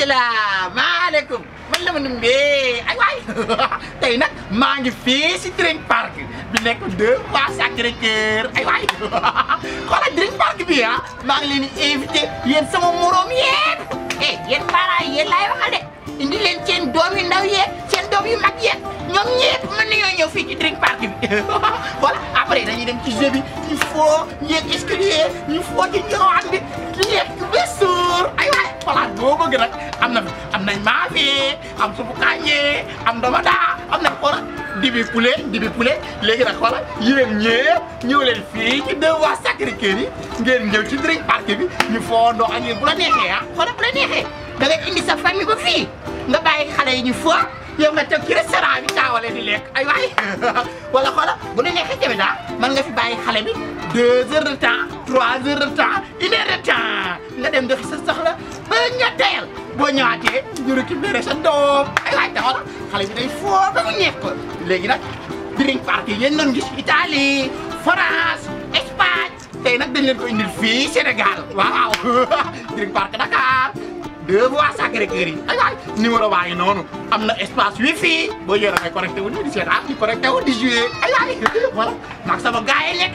asalaamaaleykum man la ma numbee ay waay tey nag maa ngi fii si Drink Park bi nekk deux fois Sacré-Cœur ay waay Drink Park bi ah ya? maa ngi leen di invité yéen sama eh yéen eh, para yi yéen laay ya, waxal de indi leen seen doom yu ndaw yéen seen mag yéen ñoom ñëpp mën nañoo ñëw fii ci Drink Park bi voilà après dañuy dem ci jeu bi ñu foo ñeeg escalier ñu foo ci ñëwaat bi lekk ba suur ay waay voilà boo bëgg nag am na am am suufu kàññee am domadaa am nañ ko dibi poulet dibi poulet léegi nag xoolal yéen ñëpp ñëw leen fii ci deux voies Sacré-Cœur yi ngeen ñëw ci Drink Park bi ñu foondoo ak yéen bu la neexee ah xoolal bu la neexee da indi sa famille ba fii nga bàyyi xale yi ñu fo yow nga toog ci restaurant bi taawale di lekk ay waay wala xoolal bu la neexee tamit ah mën nga fi bàyyi xale bi deux heures de temps trois heures de temps une heure de temps nga dem doxi sa soxla ba ñetteel boo ñëwaatee ñu récupéré sa doom ay laaj taxaw xale bi day foo ba mu ñepp léegi nag drink party yéen doon gis Italie France te tey nag dañ leen ko indil fii Sénégal waaw drink party Dakar deux voies Sacré-Cœur yi ay waay numéro baa ngi noonu am na espace wifi boo yore ngay connecté wu ñu di seetaan di connecté wu di jouer ay waay voilà maag sama gars yi lekk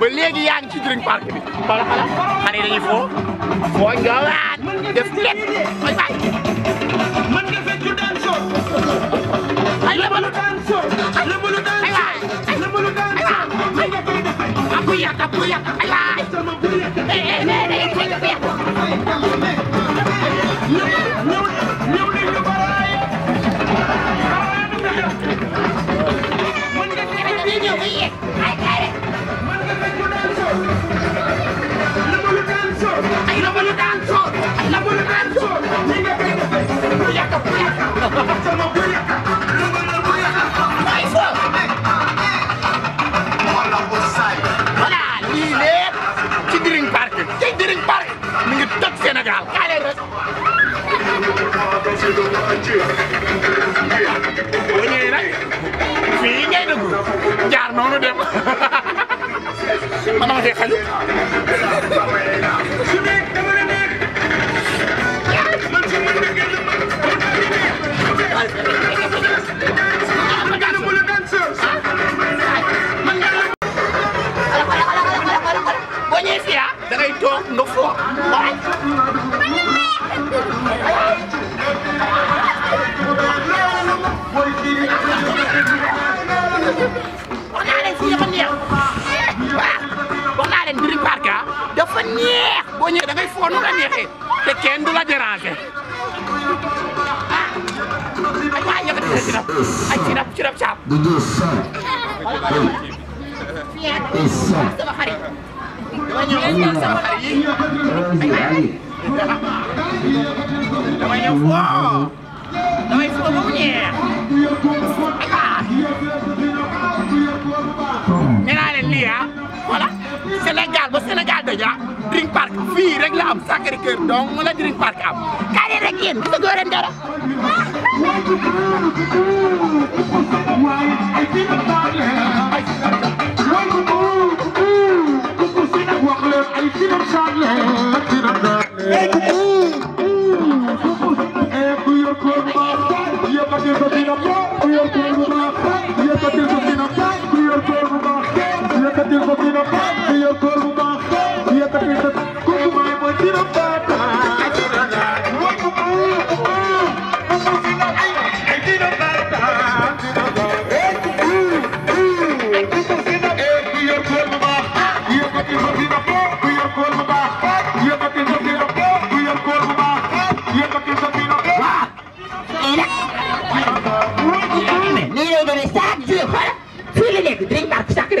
beli lagi yang ngi drink park ini, xoolal xoolal xale yi dañuy foo foo ñëwaat def lépp ay waay man jaar noonu dem man dama see xaju da ngay toog nga fo kenn du la déranger. Ah, ay ci rab ci rab caab. sama xarit. sama xarit yi. damay ñëw foo ba mu ñeex. nee naa leen lii ah voilà. Sénégal déjà drink park fii rek la am Sacré Cœur la drink park am kaay rek yéen gis nga góor leen dara. Hey,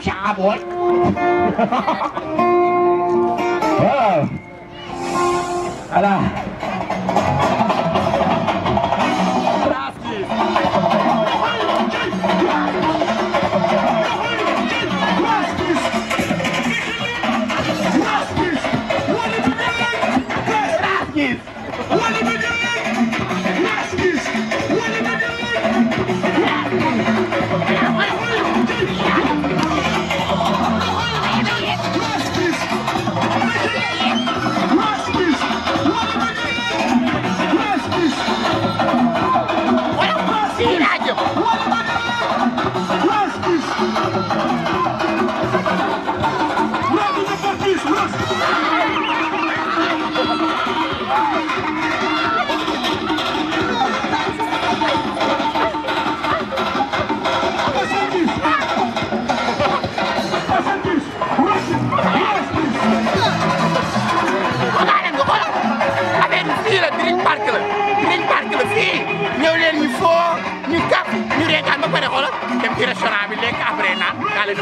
下播。哦，来了。fii la Drink Park la Drink Park la fii ñëw leen ñu foo ñu kaf ñu reetaan ba pare xoolal dem ci restaurant bi lekk après naan daa leen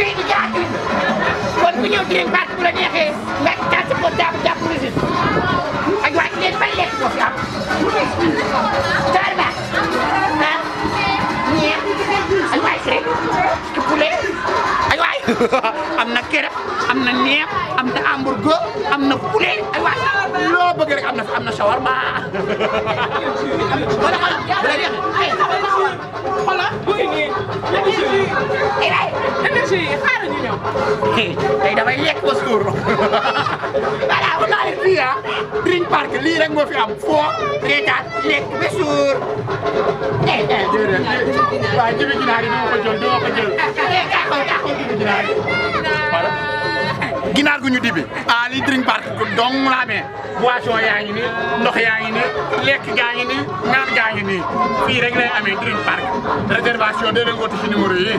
wéegi jaatuñ kon ku ñëw di leen baat bu la neexee nga tànn ko daabu jàpp résil ak waaj leen ba lekk ko fi am tarba ah ñeex ak am na kere am na neex am na hamburger am na poulet ay waay loo bëgg rek am na fi am na shawarma wala wala tey damay lekk ba suur voilà bu naa leen fii ah Green Park lii rek moo fi am foo reetaan lekk ba suur waaw jibi ginaar yi du ma ko jël du ma ko jël ginaar gu ñu dibi ah li drink park donc laa amee boisson yaa ngi nii ndox yaa ngi nii lekk gaa ngi nii ñaar gaa ngi nii fii rek lay amee drink park réservation da leen woote ci numéro yi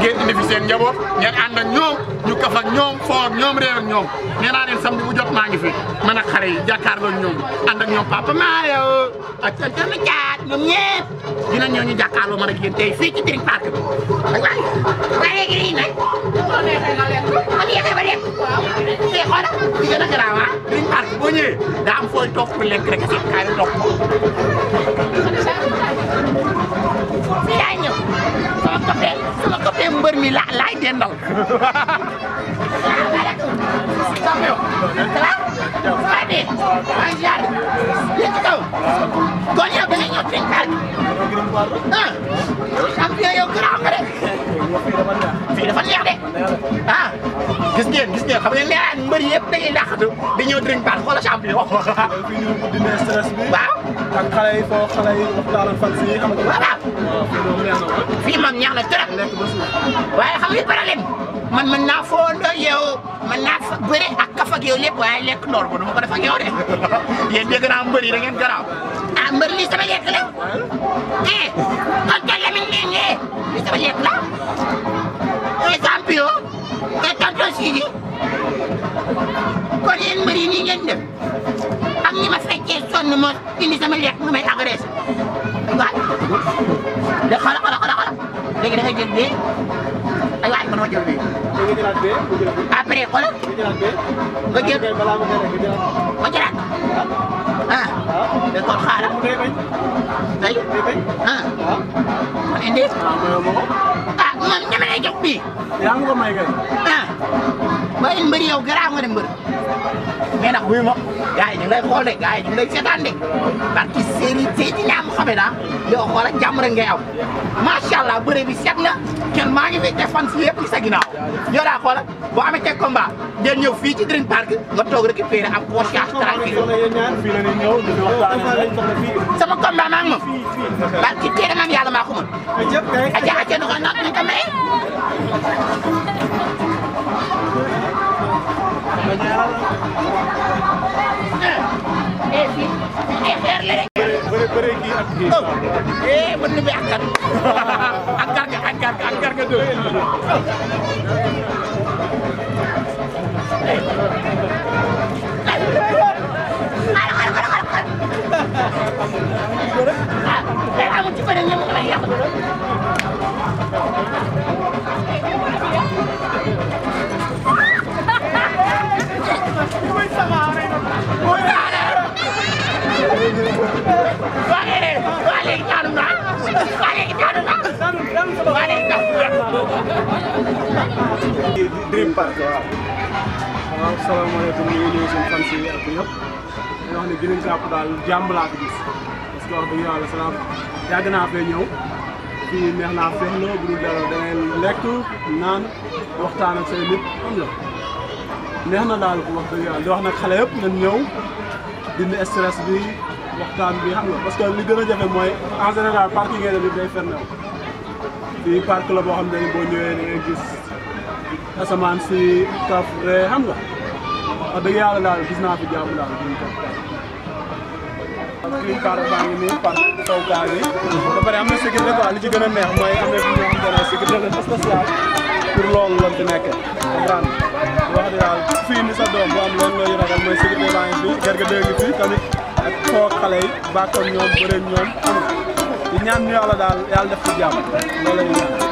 ngeen indi fi seen njaboot ngeen ànd ak ñoom ñu kaf ak ñoom foo ak ñoom réew ak ñoom nee naa leen samedi bu jot maa ngi fi man xale yi jàkkaarloo ñoom ànd ñoom papa Mario ak tonton Jaat ñoom ñëpp dina ñëw ñu jàkkaarloo man ak yéen tey fii drink park bi waaye waaye léegi nii nag waaw te xoolal li gën a garaaw ah Green Park boo ñëwee daa am fooy toog pour lekk rek sax kaay la toog ko. fii laay ñëw sama coppee sama coppee mbër mi la laay dendal. sax yow ça va. waaw de maa ngi jaar yéen ci kaw. kon yow da ngay ñëw Green Park. ah. champion yow garaaw nga de. fii dafa neex de ah. gis ngeen gis ngeen xam ne leen ah mbëri yëpp dañuy dàqatu di ñëw drink baat xoola champion wax wax waaw fii ñu dundee stress bi waaw ak xale yi foo xale yi waxtaanal fan si xam nga waaw fii moom na trop waaye xam nga problème man mën naa foondoo yow mën naa fa bëre ak kaf ak yow waaye lekk noor ba du ma ko def de yéen dégg naa mbëri da ngeen a ah mbër lii sama lekk la eh kon teel la mi ngi lekk la eh, champion te tonton Sidy kon yéen mbër yi nii ngeen def am ñi ma fekkee sonn moo indi sama lekk mu may agressé waaw da xala xala xala xala léegi da ngay jël bee ay waay mënoo jël bee après xool nga jël nga jëlaat ah de kon xaaral day ah, ah. ah ma indi moom ñeme na jox bii. yaa ngi ko may gën. ah. waaye mbër yow garaaw nga ne mbër. mais nag wuyu ma. gars yi ñu ngi lay xool de ñu lay seetaan de barki séeri Seydina Mohamed ah yow xool ak jàmm rek ngay am macha allah bëre bi set na kenn maa ngi fi te fan si yëpp sa daa xool boo amee teg combat del ñëw fii ci Dream Park nga toog récupéré am conscience tranquille sama combat maa ngi moom barki téere maam yàlla maa ko mën aja aja doxal naa ko ñu ko may bëre bëre kii ak kii. eh mën na bi ak kan ak karga ak karga ak karga doo ah amu ci bëre ñoom Dream Park waaw. waaw salaamaaleykum ñu ngi ñëw suñu fan si ak ñëpp di wax ne gën a jàpp daal jàmm laa fi gis parce que wax dëgg yàlla salaam yàgg naa fee ñëw fii neex naa feex la bu dul dara da ngay lekk naan waxtaan ak say nit am la. نحن اللي يعني. احنا خلاب من اليوم دي استرس بي وقتان بي حمله بس كان اللي جرجة في موي عزنا على باركينج اللي بي فرنا في بارك لا بوهم ده يبوني يجلس أسمان سي كاف رحمة أبي يا الله لا بيزنا في جامعة الله بيزنا في جامعة كاربان يمين بارك توكاني كبر أمي سكيرة بالي جيجنا نعمة أمي بيجنا نعمة سكيرة بس بس يا كرلون لون تناك أبران indi sa doom bu am loolu looy ragal mooy sécurité baa ngi fi Garga 2 ngi fi tamit ak koo xale yi ñoom bëreeg ñoom am di ñaan yàlla daal yàlla def ci jàmm loolu la ñuy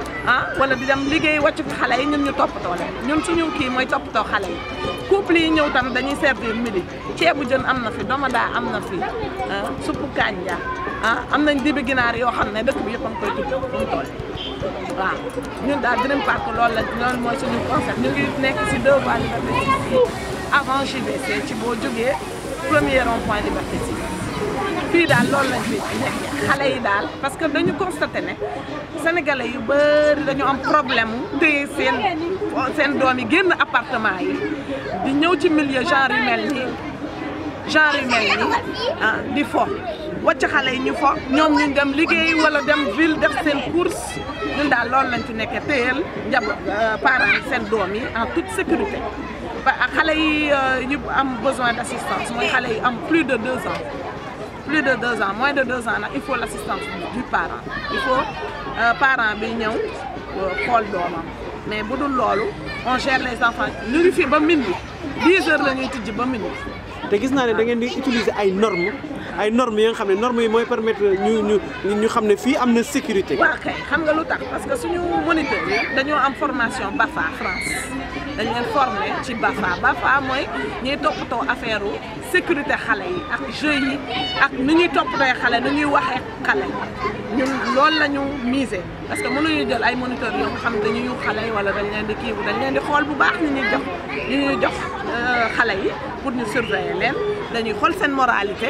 ah wala di dem liggéey wàcc fi yi ñun ñu toppatoo leen ñun suñu kii mooy toppatoo xale yi couple yi ñëw tam dañuy servir midi ceebu jën am na fi domoda am na fi ah, suppu kanja ah am nañ dibi ginaar yoo xam ne dëkk bi yëpp koy tudd bu mu ñun daal Dream Park loolu la loolu mooy suñu concept ñu ngi nekk si deux voies si 6 avant JVC ci boo jógee premier rond point Liberté 6 Parce que nous lañ parce que dañu sénégalais ont un problème téye appartement milieu genre humain. genre gens. Ils ont ah di fois. wacc des ville def course euh, parents en toute sécurité Les euh, besoin d'assistance. Ils ont plus de deux ans plus de deux ans moins de deux ans il faut l'assistance du parent il faut euh, parent bi ñëw col euh, doomam mais bu dul on gère les enfants Nous, ngi fi 10 10 heures la ñuy tijji ba minuit. te gis normes ay normes yi nga xamné ne normes yi mooy permettre ñu ñu ñu xamné fi amna sécurité. waaw kay xam nga lutax parce que suñu moniteur yi am formation BAFA France dañ leen former ci BAFA BAFA mooy ñuy toppatoo affaire sécurité xalé yi ak jeu yi ak nu ñuy toppatoo xalé nu ñuy waxee xale ñun lool lañu ñu miser parce que mënuñu jël ay moniteurs yoo xam dañuy yu xale wala dañ leen di kii dañ leen di xol bu baax ni ñuy jox ñu ñuy jox euh, xalé yi pour ñu surveiller leen dañuy xol sen moralité.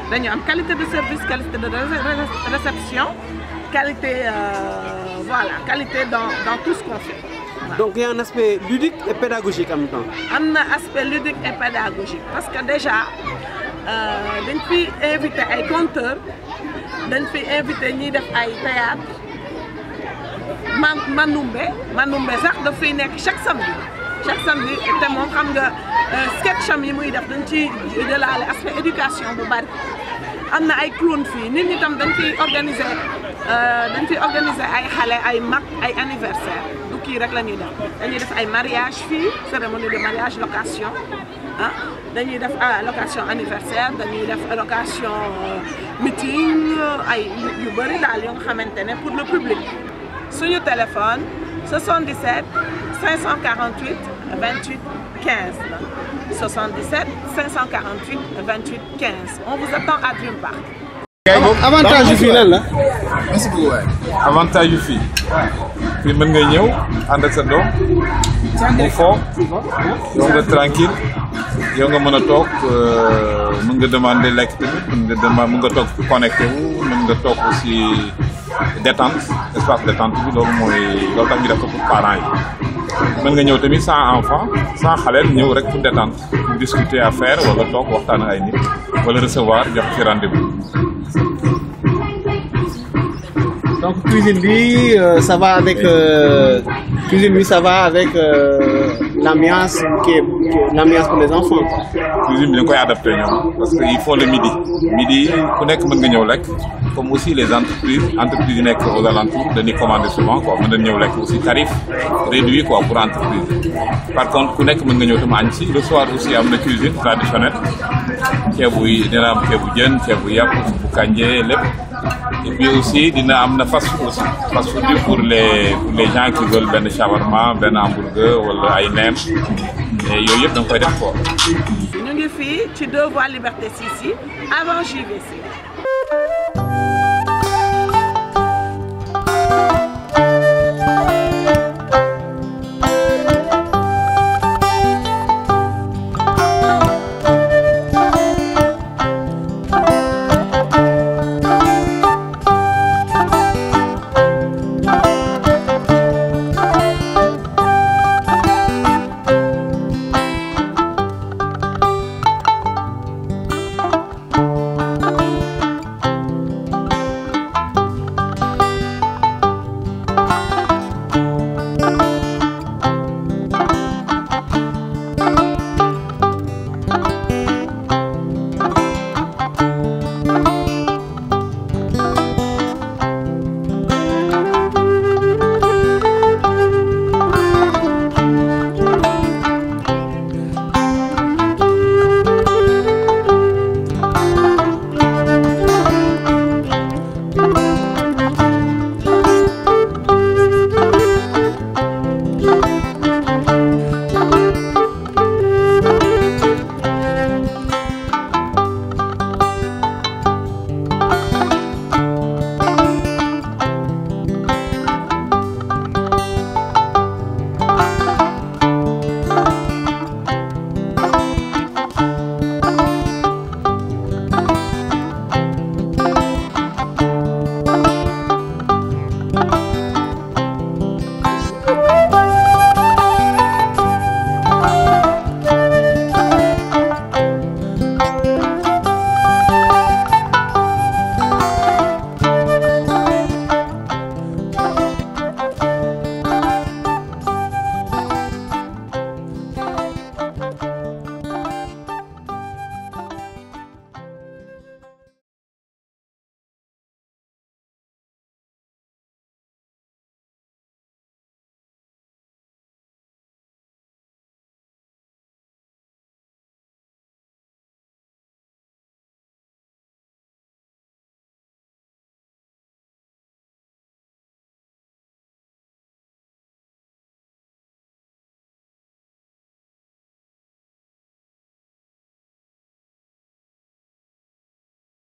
dañu am qualité de service qualité de réception qualité euh, voilà qualité dans dans tout ce qu'on fait. Donc il y a un aspect ludique et pédagogique en même temps. un aspect ludique et pédagogique parce que déjà, euh, dañ fi invité ay conteurs dañ fi invité à def théâtre man Manoumbe Manoumbe sax daf chaque samedi chaque samedi c'est moom xam nga euh, sketcham yi muy def aspect éducation bu bari. am na ay clown fii nit ñi tam dañ fiy organiser euh, dañ fiy organiser ay xale ay mag ay anniversaire du kii rek la ñuy def dañuy ay mariage fii cérémonie de mariage location ah dañuy def ah, location anniversaire dañuy def location euh, meeting euh, ay yu bëri daal yoo nga xamante ne pour le public suñu téléphone 77 548 28 15. 77 548 28 15. On vous attend à Dream Park. avantage du fii merci beaucoup avantage du fil. fii mën ngay tranquille On nga a toog On euh, nga demander lekk On a nga dema nga toog aussi détente espace détente Donc, loolu mooy loolu tax de pour parents mën nga ñëw tamit sans enfant sans xaleel ñëw rek pour détente discuter affaire wala toog waxtaan ay nit wala recevoir jox ci rendez-vous. donc cuisine bi euh, ça va avec euh, cuisine bi ça va avec euh, l'ambiance qui est l'ambiance pour les enfants. cuisine bi dañ koy adapté ñoom parce que il faut le midi midi ku nekk mën nga ñëw lekk comme aussi les entreprises entreprises yu nekk aux alentours dañuy commander souvent quoi nous nañu aussi tarif réduit quoi pour entreprise par contre ku nekk mën nga ñëw le soir aussi am cuisine traditionnelle ceebu yi dina am ceebu jën ceebu yap, bu kanje lépp et puis aussi dina am na fast food aussi fast food pour les pour les gens qui veulent ben shawarma ben hamburger wala ay neen et yooyu yëpp da nga koy def quoi. ñu ngi fii ci deux voies Liberté ici yi avant JVC. Thank you.